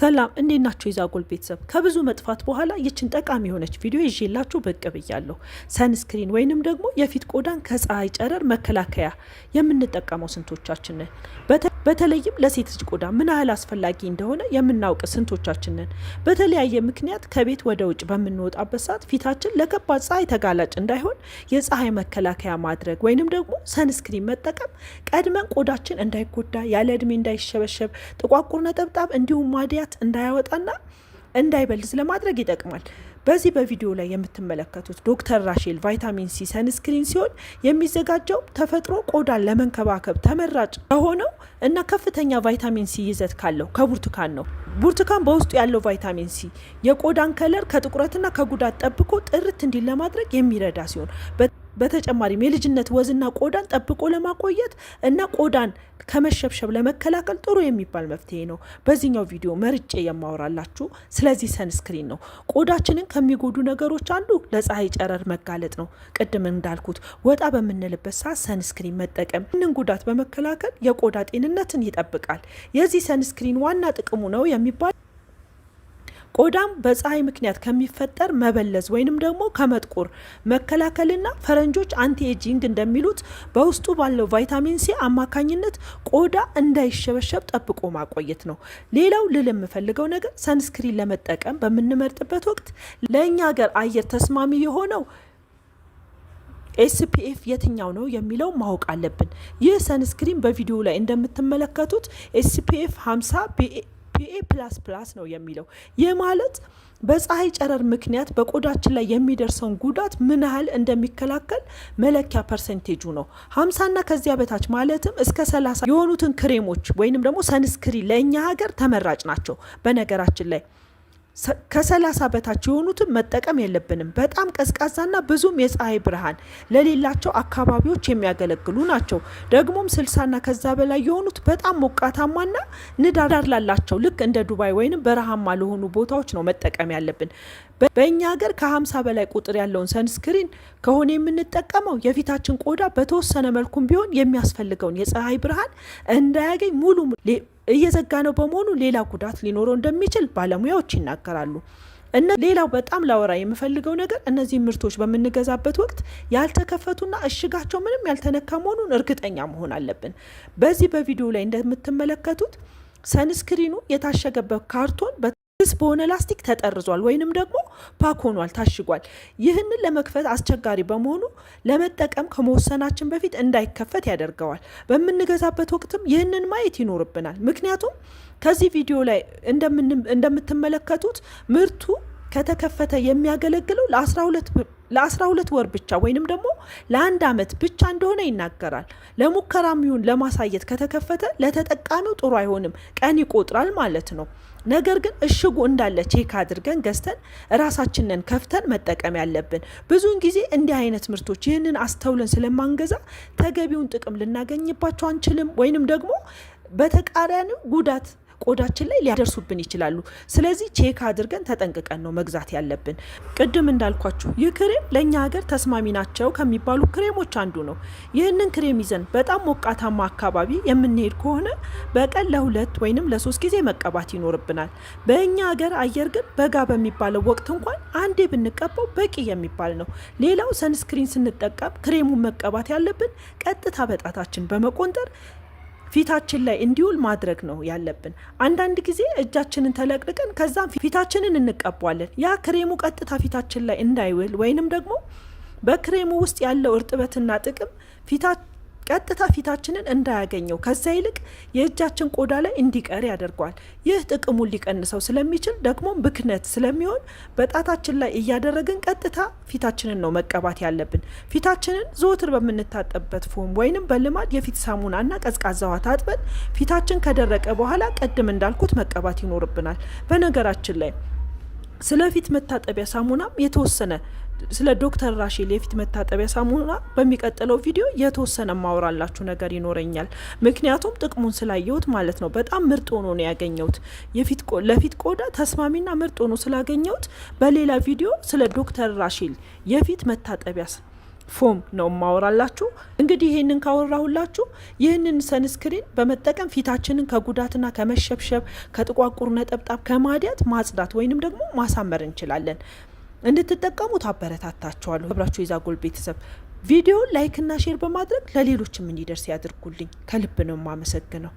ሰላም እንዴት ናችሁ? የዛጎል ቤተሰብ ከብዙ መጥፋት በኋላ ይችን ጠቃሚ የሆነች ቪዲዮ ይዤላችሁ ብቅ ብያለሁ። ሰንስክሪን ወይንም ደግሞ የፊት ቆዳን ከፀሐይ ጨረር መከላከያ የምንጠቀመው ስንቶቻችን ነን? በተለይም ለሴት ልጅ ቆዳ ምን ያህል አስፈላጊ እንደሆነ የምናውቅ ስንቶቻችን ነን? በተለያየ ምክንያት ከቤት ወደ ውጭ በምንወጣበት ሰዓት ፊታችን ለከባድ ፀሐይ ተጋላጭ እንዳይሆን የፀሐይ መከላከያ ማድረግ ወይንም ደግሞ ሰንስክሪን መጠቀም ቀድመን ቆዳችን እንዳይጎዳ፣ ያለ እድሜ እንዳይሸበሸብ፣ ጥቋቁር ነጠብጣብ እንዲሁም ማድያት እንዳያወጣና እንዳይበልዝ ለማድረግ ይጠቅማል። በዚህ በቪዲዮ ላይ የምትመለከቱት ዶክተር ራሼል ቫይታሚን ሲ ሰንስክሪን ሲሆን የሚዘጋጀው ተፈጥሮ ቆዳን ለመንከባከብ ተመራጭ ከሆነው እና ከፍተኛ ቫይታሚን ሲ ይዘት ካለው ከቡርቱካን ነው። ቡርቱካን በውስጡ ያለው ቫይታሚን ሲ የቆዳን ከለር ከጥቁረትና ከጉዳት ጠብቆ ጥርት እንዲል ለማድረግ የሚረዳ ሲሆን በተጨማሪም የልጅነት ወዝና ቆዳን ጠብቆ ለማቆየት እና ቆዳን ከመሸብሸብ ለመከላከል ጥሩ የሚባል መፍትሄ ነው። በዚህኛው ቪዲዮ መርጬ የማወራላችሁ ስለዚህ ሰንስክሪን ነው። ቆዳችንን ከሚጎዱ ነገሮች አንዱ ለፀሐይ ጨረር መጋለጥ ነው። ቅድም እንዳልኩት ወጣ በምንልበት ሰዓት ሰንስክሪን መጠቀም ይህንን ጉዳት በመከላከል የቆዳ ጤንነትን ይጠብቃል። የዚህ ሰንስክሪን ዋና ጥቅሙ ነው የሚባል ቆዳም በፀሐይ ምክንያት ከሚፈጠር መበለዝ ወይንም ደግሞ ከመጥቁር መከላከልና ፈረንጆች አንቲ ኤጂንግ እንደሚሉት በውስጡ ባለው ቫይታሚን ሲ አማካኝነት ቆዳ እንዳይሸበሸብ ጠብቆ ማቆየት ነው። ሌላው ልል የምፈልገው ነገር ሰንስክሪን ለመጠቀም በምንመርጥበት ወቅት ለእኛ ሀገር አየር ተስማሚ የሆነው ኤስፒኤፍ የትኛው ነው የሚለው ማወቅ አለብን። ይህ ሰንስክሪን በቪዲዮ ላይ እንደምትመለከቱት ኤስፒኤፍ 50 ፒኤ ፕላስ ፕላስ ነው የሚለው። ይህ ማለት በፀሐይ ጨረር ምክንያት በቆዳችን ላይ የሚደርሰውን ጉዳት ምን ያህል እንደሚከላከል መለኪያ ፐርሰንቴጁ ነው። ሀምሳና ከዚያ በታች ማለትም እስከ ሰላሳ የሆኑትን ክሬሞች ወይንም ደግሞ ሰንስክሪን ለእኛ ሀገር ተመራጭ ናቸው በነገራችን ላይ ከሰላሳ በታች የሆኑትን መጠቀም የለብንም። በጣም ቀዝቃዛና ብዙም የፀሐይ ብርሃን ለሌላቸው አካባቢዎች የሚያገለግሉ ናቸው። ደግሞም ስልሳና ከዛ በላይ የሆኑት በጣም ሞቃታማና ንዳዳር ላላቸው ልክ እንደ ዱባይ ወይንም በረሃማ ለሆኑ ቦታዎች ነው መጠቀም ያለብን። በእኛ ሀገር ከሀምሳ በላይ ቁጥር ያለውን ሰንስክሪን ከሆነ የምንጠቀመው የፊታችን ቆዳ በተወሰነ መልኩም ቢሆን የሚያስፈልገውን የፀሐይ ብርሃን እንዳያገኝ ሙሉ እየዘጋ ነው በመሆኑ ሌላ ጉዳት ሊኖረው እንደሚችል ባለሙያዎች ይናገራሉ። እነ ሌላው በጣም ላወራ የምፈልገው ነገር እነዚህ ምርቶች በምንገዛበት ወቅት ያልተከፈቱና እሽጋቸው ምንም ያልተነካ መሆኑን እርግጠኛ መሆን አለብን። በዚህ በቪዲዮ ላይ እንደምትመለከቱት ሰንስክሪኑ የታሸገበት ካርቶን ስስ በሆነ ላስቲክ ተጠርዟል ወይንም ደግሞ ፓክ ሆኗል ታሽጓል። ይህንን ለመክፈት አስቸጋሪ በመሆኑ ለመጠቀም ከመወሰናችን በፊት እንዳይከፈት ያደርገዋል። በምንገዛበት ወቅትም ይህንን ማየት ይኖርብናል። ምክንያቱም ከዚህ ቪዲዮ ላይ እንደምትመለከቱት ምርቱ ከተከፈተ የሚያገለግለው ለ12 ወር ብቻ ወይንም ደግሞ ለአንድ ዓመት ብቻ እንደሆነ ይናገራል። ለሙከራም ይሁን ለማሳየት ከተከፈተ ለተጠቃሚው ጥሩ አይሆንም፣ ቀን ይቆጥራል ማለት ነው። ነገር ግን እሽጉ እንዳለ ቼክ አድርገን ገዝተን እራሳችንን ከፍተን መጠቀም ያለብን። ብዙውን ጊዜ እንዲህ አይነት ምርቶች ይህንን አስተውለን ስለማንገዛ ተገቢውን ጥቅም ልናገኝባቸው አንችልም፣ ወይንም ደግሞ በተቃራኒው ጉዳት ቆዳችን ላይ ሊያደርሱብን ይችላሉ። ስለዚህ ቼክ አድርገን ተጠንቅቀን ነው መግዛት ያለብን። ቅድም እንዳልኳችሁ ይህ ክሬም ለእኛ ሀገር ተስማሚ ናቸው ከሚባሉ ክሬሞች አንዱ ነው። ይህንን ክሬም ይዘን በጣም ሞቃታማ አካባቢ የምንሄድ ከሆነ በቀን ለሁለት ወይንም ለሶስት ጊዜ መቀባት ይኖርብናል። በእኛ ሀገር አየር ግን በጋ በሚባለው ወቅት እንኳን አንዴ ብንቀባው በቂ የሚባል ነው። ሌላው ሰንስክሪን ስንጠቀም ክሬሙን መቀባት ያለብን ቀጥታ በጣታችን በመቆንጠር ፊታችን ላይ እንዲውል ማድረግ ነው ያለብን። አንዳንድ ጊዜ እጃችንን ተለቅልቀን ከዛም ፊታችንን እንቀቧለን። ያ ክሬሙ ቀጥታ ፊታችን ላይ እንዳይውል ወይንም ደግሞ በክሬሙ ውስጥ ያለው እርጥበትና ጥቅም ፊታ ቀጥታ ፊታችንን እንዳያገኘው ከዛ ይልቅ የእጃችን ቆዳ ላይ እንዲቀር ያደርገዋል። ይህ ጥቅሙን ሊቀንሰው ስለሚችል ደግሞ ብክነት ስለሚሆን በጣታችን ላይ እያደረግን ቀጥታ ፊታችንን ነው መቀባት ያለብን። ፊታችንን ዘወትር በምንታጠበት ፎም ወይንም በልማድ የፊት ሳሙናና ቀዝቃዛ ውሃ ታጥበን ፊታችን ከደረቀ በኋላ ቀድም እንዳልኩት መቀባት ይኖርብናል። በነገራችን ላይ ስለ ፊት መታጠቢያ ሳሙናም የተወሰነ ስለ ዶክተር ራሼል የፊት መታጠቢያ ሳሙና በሚቀጥለው ቪዲዮ የተወሰነ ማውራላችሁ ነገር ይኖረኛል። ምክንያቱም ጥቅሙን ስላየሁት ማለት ነው። በጣም ምርጥ ሆኖ ነው ያገኘሁት። ለፊት ቆዳ ተስማሚና ምርጥ ሆኖ ስላገኘሁት በሌላ ቪዲዮ ስለ ዶክተር ራሼል የፊት መታጠቢያ ፎም ነው ማወራላችሁ። እንግዲህ ይህንን ካወራሁላችሁ ይህንን ሰንስክሪን በመጠቀም ፊታችንን ከጉዳትና ከመሸብሸብ ከጥቋቁር ነጠብጣብ ከማዲያት ማጽዳት ወይንም ደግሞ ማሳመር እንችላለን። እንድትጠቀሙት አበረታታችኋለሁ። ህብራችሁ የዛጎል ቤተሰብ ቪዲዮ ላይክና ሼር በማድረግ ለሌሎችም እንዲደርስ ያድርጉልኝ። ከልብ ነው የማመሰግነው።